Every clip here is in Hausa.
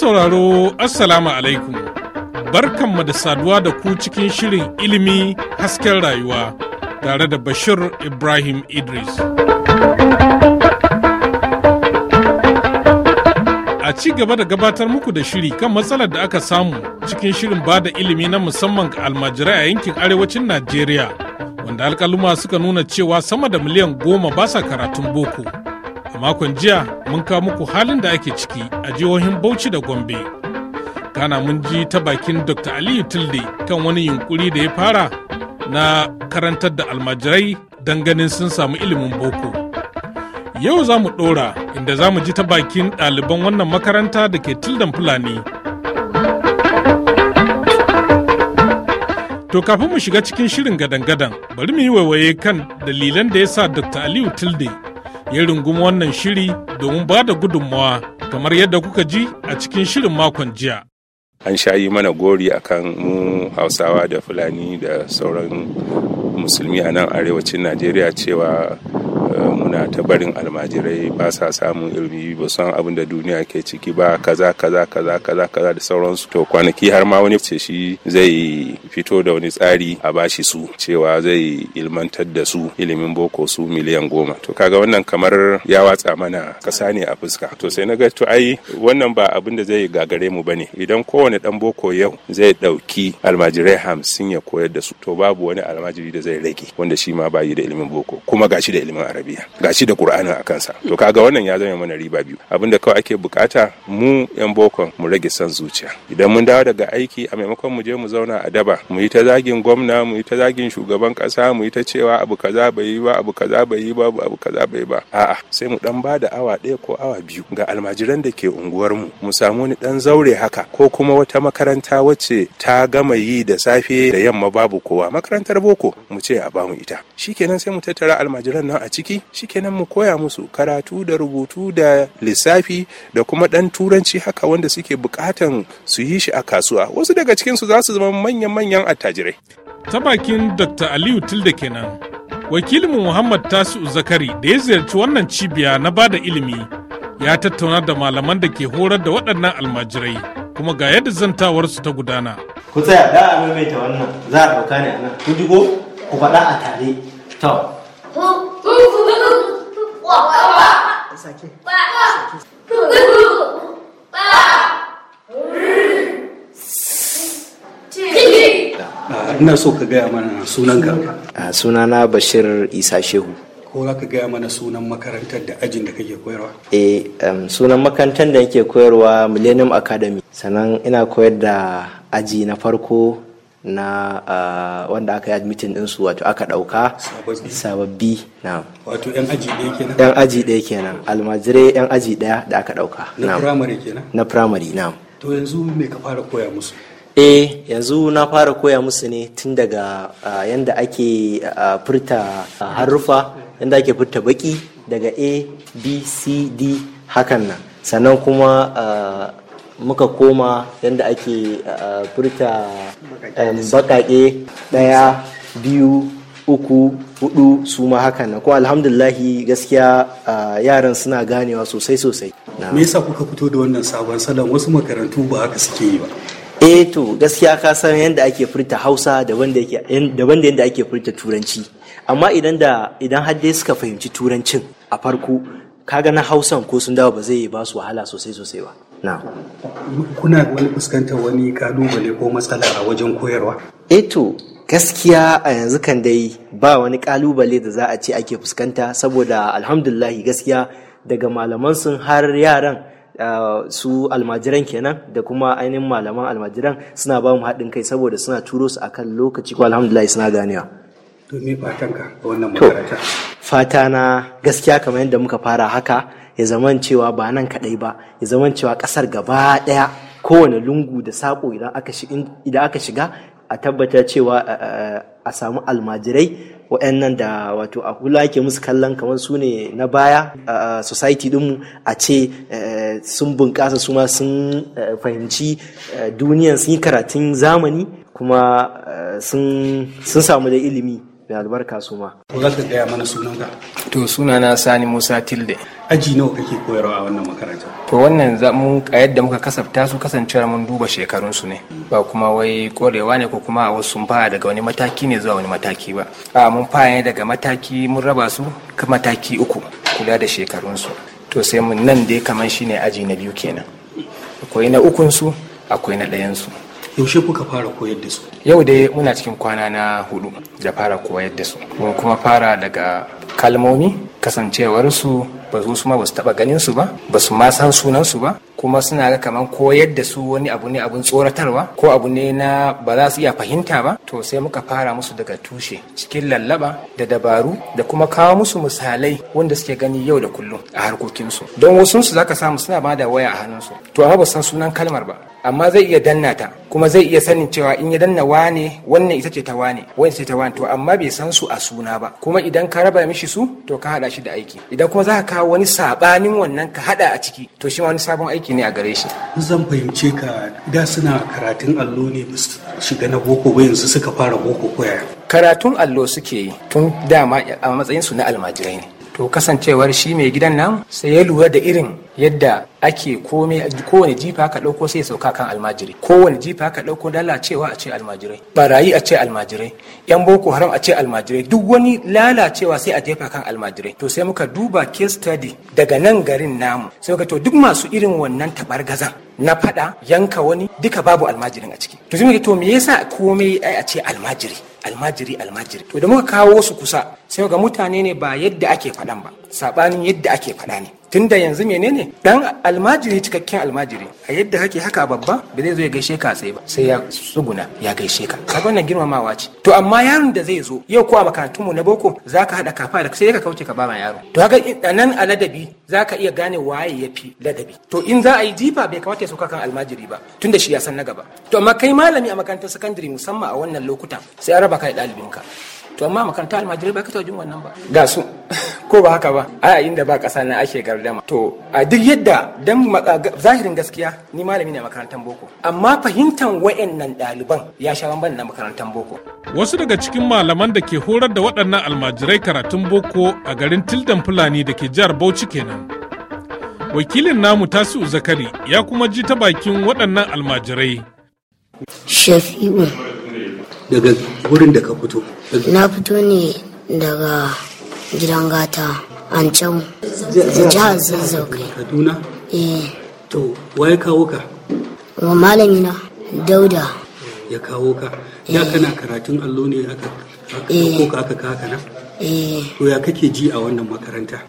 sauraro assalamu alaikum barkanmu da saduwa da ku cikin shirin ilimi hasken rayuwa tare da bashir ibrahim idris a ci gaba da gabatar muku da shiri kan matsalar da aka samu cikin shirin ba da ilimi na musamman ga almajirai a yankin arewacin najeriya wanda alkaluma suka nuna cewa sama da miliyan goma ba sa karatun boko a makon jiya mun kawo muku halin da ake ciki a jihohin bauchi da gombe kana mun ji ta bakin dr aliyu tilde kan wani yunkuri da ya fara na karantar da almajirai don ganin sun samu ilimin boko yau za mu ɗora inda za mu ji ta bakin ɗaliban wannan makaranta da ke tildan fulani To kafin mu shiga cikin shirin gadan-gadan bari mu yi waiwaye kan dalilan da ya sa Dr. Aliyu Tilde ya rungumi wannan shiri domin ba da gudunmawa kamar yadda kuka ji a cikin shirin makon jiya. An sha yi mana gori akan mu Hausawa da Fulani da sauran musulmi a nan arewacin Najeriya cewa Eh, muna ta barin almajirai ba sa samun ilmi ba san abin da duniya ke ciki ba kaza kaza kaza kaza kaza da sauransu to kwanaki har ma wani ce shi zai fito da wani tsari a bashi su cewa zai ilmantar da su ilimin boko su miliyan goma to kaga wannan kamar ya watsa mana kasa ne a fuska to sai na ga to ai wannan ba abin da zai gagare mu bane idan kowane dan boko yau zai dauki almajirai hamsin ya koyar da su to babu wani almajiri da zai rage wanda shi ma bayi da ilimin boko kuma gashi da ilimin arabi arabiya shi da qur'anin a kansa to kaga wannan ya zama mana riba biyu abinda kawai ake bukata mu yan boko. mu rage san zuciya idan mun dawo daga aiki a maimakon mu je mu zauna a daba mu yi ta zagin gwamna mu yi ta zagin shugaban kasa mu yi ta cewa abu kaza bai yi ba abu kaza bai yi ba abu kaza bai ba a'a sai mu dan ba da awa ɗaya ko awa biyu ga almajiran da ke unguwar mu mu samu wani dan zaure haka ko kuma wata makaranta wacce ta gama yi da safe da yamma babu kowa makarantar boko mu ce a bamu ita shikenan sai mu tattara almajiran nan a ciki ciki shikenan mu koya musu karatu da rubutu da lissafi da kuma ɗan turanci haka wanda suke buƙatan su yi shi a kasuwa wasu daga cikinsu za su zama manyan-manyan attajirai ta bakin dr aliyu tilda kenan wakilinmu muhammad tasiu zakari da ya ziyarci wannan cibiya na bada ilimi ya tattauna da malaman da ke horar da waɗannan almajirai kuma ga yadda zantawar su ta gudana ku tsaya da a maimaita wannan za a ɗauka ne a nan ku digo ku faɗa a tare to ina so ka gaya mana sunan ka. suna na bashir isa shehu ko za ka gaya mana sunan makarantar da ajin da kake koyarwa eh sunan makarantar da yake koyarwa millennium academy sannan ina koyar da aji na farko na uh, wanda aka yi admitin ɗinsu wato aka ɗauka sababbi na wato yan aji ɗaya kenan yan aji ɗaya kenan almajirai yan aji ɗaya da aka ɗauka na primary kenan na primary na to yanzu me ka fara koya musu eh yanzu na fara koya musu ne tun daga yanda ake furta harufa yanda ake furta baki daga a b c d hakan nan sannan kuma muka koma yadda ake furta bakaƙe ɗaya biyu uku hudu su ma hakan nan, kuma alhamdulahi gaskiya yaran suna ganewa sosai sosai me yasa kuka fito da wannan sabon salon wasu makarantu ba haka suke yi ba eh to gaskiya ka san yadda ake furta hausa daban da yadda ake furta turanci amma idan da idan har dai suka fahimci turancin a farko kaga na hausan ko sun dawo ba zai ba su wahala sosai sosai ba na kuna wani fuskantar wani kalubale ko matsala a wajen koyarwa eh to gaskiya a yanzu kan dai ba wani kalubale da za a ce ake fuskanta saboda alhamdulahi gaskiya daga malaman sun har yaran su almajiran kenan da kuma ainihin malaman almajiran suna ba mu haɗin kai saboda suna turo su akan lokaci ko alhamdulillah suna ganewa to me fatan ka wannan makaranta fata na gaskiya kamar yadda muka fara haka ya zaman cewa ba nan kaɗai ba ya zaman cewa ƙasar gaba ɗaya kowane lungu da saƙo idan aka shiga a tabbata cewa a samu almajirai waɗannan da wato a kula ke musu kallon kamar su ne na baya a society dinmu a ce eh, sun bunƙasa su ma sun eh, fahimci eh, duniyan sun yi karatun zamani kuma sun samu da ilimi mai albarka su ma. To za ka gaya mana sunanka? To suna na Sani Musa Tilde. Aji nawa kake koyarwa a wannan makaranta? To wannan a yadda muka kasafta su kasancewar mun duba shekarunsu ne. Ba kuma wai korewa ne ko kuma a wasu sun daga wani mataki ne zuwa wani mataki ba. A mun fara ne daga mataki mun raba su ka mataki uku kula da shekarunsu. To sai mun nan dai kamar shine aji na biyu kenan. Akwai na ukunsu akwai na ɗayansu. yaushe kuka fara koyar da su yau dai muna cikin kwana na hudu da fara koyar da su mun kuma fara daga kalmomi kasancewarsu ba su ma ba su taba ganin su ba ba su ma san sunan su ba kuma suna ga kamar koyar da su wani abu ne abun tsoratarwa ko abu ne na ba za su iya fahimta ba to sai muka fara musu daga tushe cikin lallaba da dabaru da kuma kawo musu misalai wanda suke gani yau da kullum a harkokinsu don wasu su zaka samu suna ba da waya a hannunsu to amma ba san sunan kalmar ba amma zai iya danna ta kuma zai iya sanin cewa in ya danna wane wannan ita ce ta wane wani ce ta wane to amma bai san su a suna ba kuma idan ka raba mishi su to ka hada shi da aiki idan kuma za ka kawo wani sabanin wannan ka hada a ciki to shi wani sabon aiki ne a gare shi zan fahimce ka da suna karatun allo ne shiga na boko ba yanzu suka fara boko koya karatun allo suke yi tun dama a matsayin su na almajirai ne to kasancewar shi mai gidan nan sai ya lura da irin yadda ake kome kowane jifa ka ɗauko sai sauka kan almajiri kowane jifa ka ɗauko lalacewa a ce almajirai barayi a ce almajirai yan boko haram a ce almajirai duk wani lalacewa sai a jefa kan almajirai to sai muka duba case study daga nan garin namu sai muka to duk masu irin wannan taɓar-gazan na fada yanka wani duka babu almajirin a ciki to sai muka to me yasa komai ai a ce almajiri almajiri almajiri to da muka kawo su kusa sai ga mutane ne ba yadda ake faɗan ba sabanin yadda ake faɗa ne tunda yanzu menene dan almajiri cikakken almajiri a yadda kake haka babba ba zai zo ya gaishe ka tsaye ba sai ya suguna ya gaishe ka ka wannan girmamawa ce to amma yaron da zai zo yau ko a makarantun mu na boko zaka hada kafa da sai ka kauce ka ba ma yaro to a nan a ladabi zaka iya gane waye fi ladabi to in za a yi jifa bai kamata ya sauka kan almajiri ba tunda shi ya san na gaba to amma kai malami a makarantar sakandare musamman a wannan lokuta sai a raba ka da ɗalibinka to amma makarantar almajiri ba ka taɓa jin wannan ba ga su ko ba haka ba a yayin da ba ƙasa na ake gardama to a duk yadda dan zahirin gaskiya ni malami ne makarantar boko amma fahimtar wayannan ɗaliban ya sha bamban na makarantar boko wasu daga cikin malaman da ke horar da waɗannan almajirai karatun boko a garin tildan fulani da ke jihar bauchi kenan wakilin namu tasiu zakari ya kuma ji ta bakin waɗannan almajirai shafi'u daga wurin da ka fito na fito ne daga gidan gata an can jihar zazzau kai kaduna eh to waye kawo ka wa malami na dauda ya kawo ka ya eh. kana karatun allo ne aka eh. kawo ka aka kaka na eh. to ya kake ji a wannan makaranta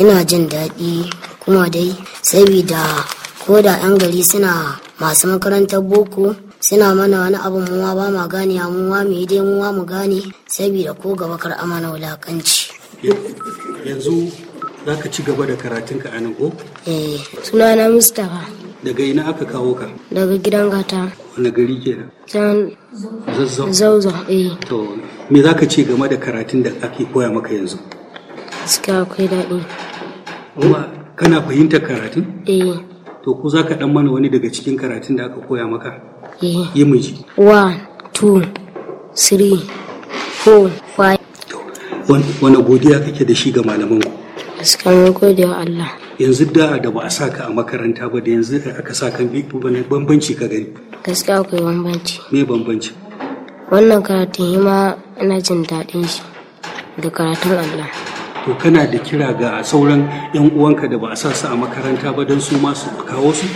ina jin daɗi kuma dai saboda ko da 'yan gari suna masu makarantar boko suna mana wani abu muwa ba ma gane mu muwa mu yi dai muwa mu gane saboda ko gaba kar amana wulakanci yanzu za ka ci gaba da karatun ka anan ko? Eh, suna na Mustapha. Daga ina aka kawo ka? Daga gidan gata. Wani gari da. Can Zauza. eh. To, me za ka ce game da karatun da ake koya maka yanzu? Suka akwai daɗi. Kuma kana fahimtar karatun? Eh. To, ku za ka ɗan mana wani daga cikin karatun da aka koya maka? Eh. Yi mu One, two, three, four, five. wani godiya kake da shi ga malaman ku gaskiya gode Allah yanzu da da ba a sa ka a makaranta ba da yanzu da aka sa kan bambanci ka gani gaskiya akwai bambanci me bambanci wannan karatun yi ma ina jin daɗin shi da karatun Allah to kana da kira ga sauran yan uwanka da ba a sa su a makaranta ba don su ma su kawo su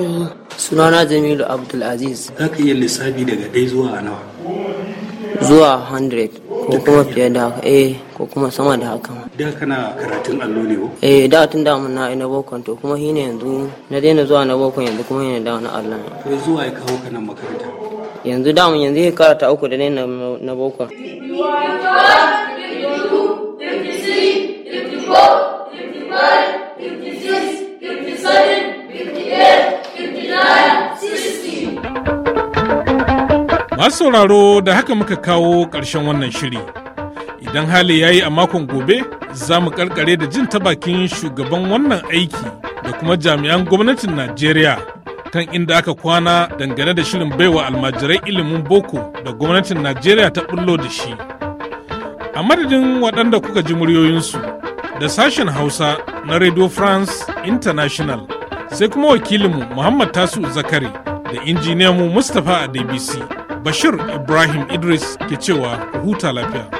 eh. sunana Jamilu Abdulaziz za ka iya lissafi daga ɗaya zuwa nawa zuwa 100 ko kuma fiye da haka eh ko kuma sama da haka da kana karatun allo ne eh da tun da mun na ina bokon to kuma hine yanzu na daina zuwa na bokon yanzu kuma hine da na allon. to zuwa ya kawo kana makaranta yanzu da mun yanzu ya karata uku da ne na bokon Fifty-one, Masu sauraro da haka muka kawo ƙarshen wannan shiri. Idan hali ya yi a makon gobe, za mu karkare da jin ta bakin shugaban wannan aiki da kuma jami'an gwamnatin Najeriya kan inda aka kwana dangane da shirin baiwa almajirai ilimin boko da gwamnatin Najeriya ta bullo da shi. A madadin waɗanda kuka ji muryoyinsu da sashen Hausa na Radio France International sai kuma wakilinmu Muhammad Tasu Zakari da injiniyanmu Mustapha a Adebisi. Bashir Ibrahim Idris ke cewa huta lafiya.